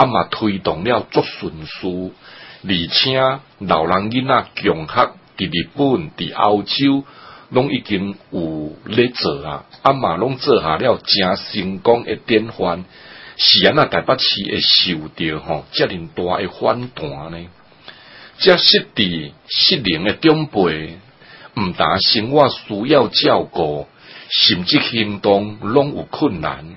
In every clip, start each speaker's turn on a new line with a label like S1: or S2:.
S1: 阿媽推動了作順書，而且老人囡仔強學，在日本、在澳洲，攏已經有在做啊。阿媽攏做下了真成功嘅典範，是安怎台北市會受到吼遮尼大嘅反彈呢？遮失智失靈嘅長輩，唔但生活需要照顧，甚至行動攏有困難。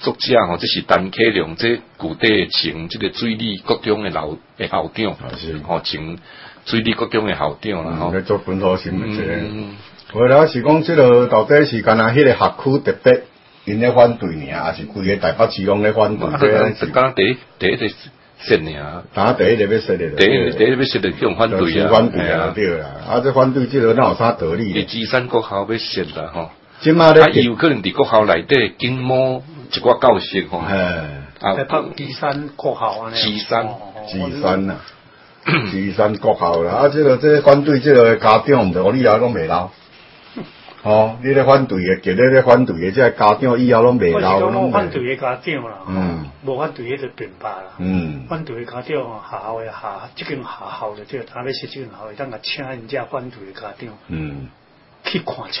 S1: 作者吼，這是陳克龍，即具體請即個水裏國中的老校長，吼請水裏國中的校長，啦，佢做本土新聞者。
S2: 我哋話是講即個到底是嗰陣迄個學區特別因咧反對呢？抑是規個台北市攏
S1: 咧反對？第一第一啲蝕㗎，打第一啲咩蝕㗎？第一第一啲蝕叫反對啊，對啊，對啦。啊，即反對即個哪有啥道理？你自身個校咩蝕啦？嚇，佢有可能佇國校內底經貿。一個教室吼，
S2: 嘿，啊，岐山國校啊，岐山，
S1: 岐山呐，
S2: 岐山國校啦，啊，這個這反對這個家長，唔，以後攏袂孬。哦，你咧反對嘅，叫你咧反對的，即個家長以後攏袂孬。不是講反
S3: 對的家長啦，嗯，無反對的就平白啦，嗯，反對嘅家長下校下，最近下校就即個，等下食酒，然後等下請人家反對的家長，
S2: 嗯，去看一下。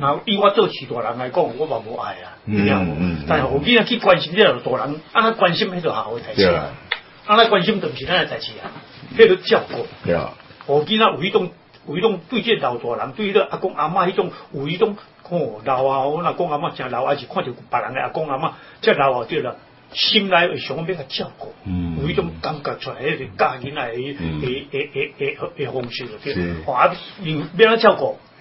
S3: 嗱，以我做慈大人來講，我嘛無愛啊，嗯，
S4: 嗯，嗯。但係
S3: 囝仔啊去關心呢度大人？安撫關心迄度下後代誌啊？安撫關心都唔係呢個代誌啊，迄度照顧。囝仔啊有迄種，有一種對住老大人，對迄個阿公阿嬤迄種。有迄種，老啊老啊老啊、看，看老啊，我阿公阿媽成老啊，老啊，老啊時，看到別人誒。阿公阿嬤，即係老下啲啦，心內會想畀佢照顧嗯。有迄種感覺出嚟，係家人嚟誒。嚟誒，誒、嗯，嚟紅書嗰啲話，畀佢照顧。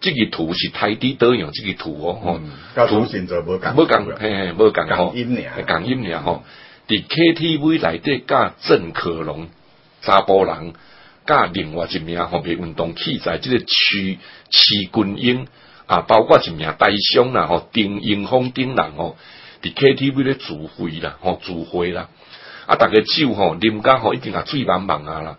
S1: 呢個圖是太低檔樣，呢個圖哦，嗯、圖現在冇咁，冇咁，係係冇咁好，係講音量，係講音量哦。喺 KTV 內底，加鄭克隆、查甫人，加另外一名後邊運動器材，即、這個徐徐軍英，啊，包括一名大商啦，吼、哦，丁英峯等人吼、哦，佇 KTV 咧聚會啦，吼、哦，聚會啦，啊，逐個酒吼啉甲、哦，吼、哦、一定醉茫茫啊啦。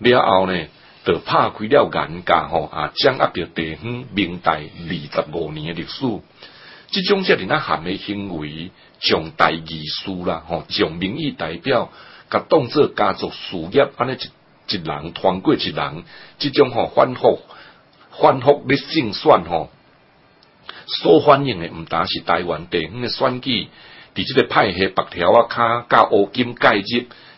S1: 了後呢，就拍開了眼界吼，啊，掌握着地方明代二十五年的歷史，即種遮類那含嘅行為，將代議士啦，吼、哦，將民意代表，甲當作家族事業，安尼一一人團過一人，即種吼反復反復咧競選吼，所反映嘅毋單是台灣地方嘅選舉，佇即個派系白條啊卡甲烏金介入。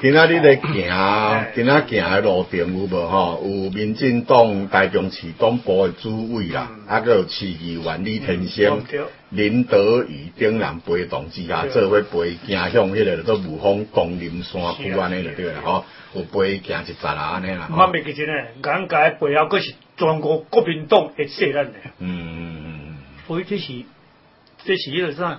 S2: 今仔日咧行，嗯、今仔行喺路頂有無吼？有民進黨台中市黨部誒主委啦，抑、嗯、啊有市議員李天仙、嗯嗯、對對林德宇等人陪同之下，做伙陪行向迄個做武峰、光林山區安尼了、啊、對啦、啊，吼，有陪行一紮人安尼啦。
S3: 唔咪其真誒，人、嗯、家背後佫是全國國民黨誒勢力嚟。嗯嗯嗯，所以即是即是伊個啥？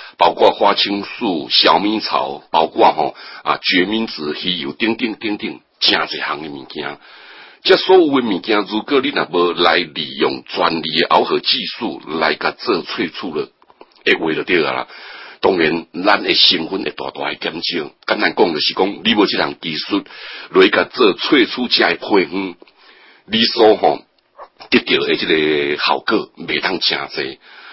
S1: 包括花青素、小米草，包括吼、哦、啊決明子，還有等等等等真儕行嘅物件。即所有嘅物件，如果你若無來利用專利嘅熬合技術來甲做萃取了，會句話就對個啦。當然，咱嘅成分會大大嘅減少。簡單講就是講，你無即項技術來甲做萃取，即個配方，你所吼得到嘅即個效果，未通真儕。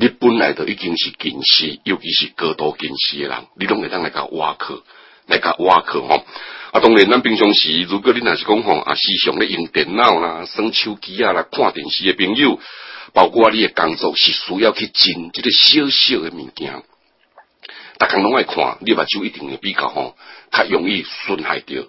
S1: 你本來就已經是近視，尤其是高度近視的人，你攏會當來個蛙課，來個蛙課吼。啊，當然咱平常時，如果你若是講吼，啊，時常咧用電腦啦、耍手機啊、啦看電視嘅朋友，包括你嘅工作是需要去近即個小小嘅物件，逐工攏愛看，你目睭一定會比較吼，較容易損害着。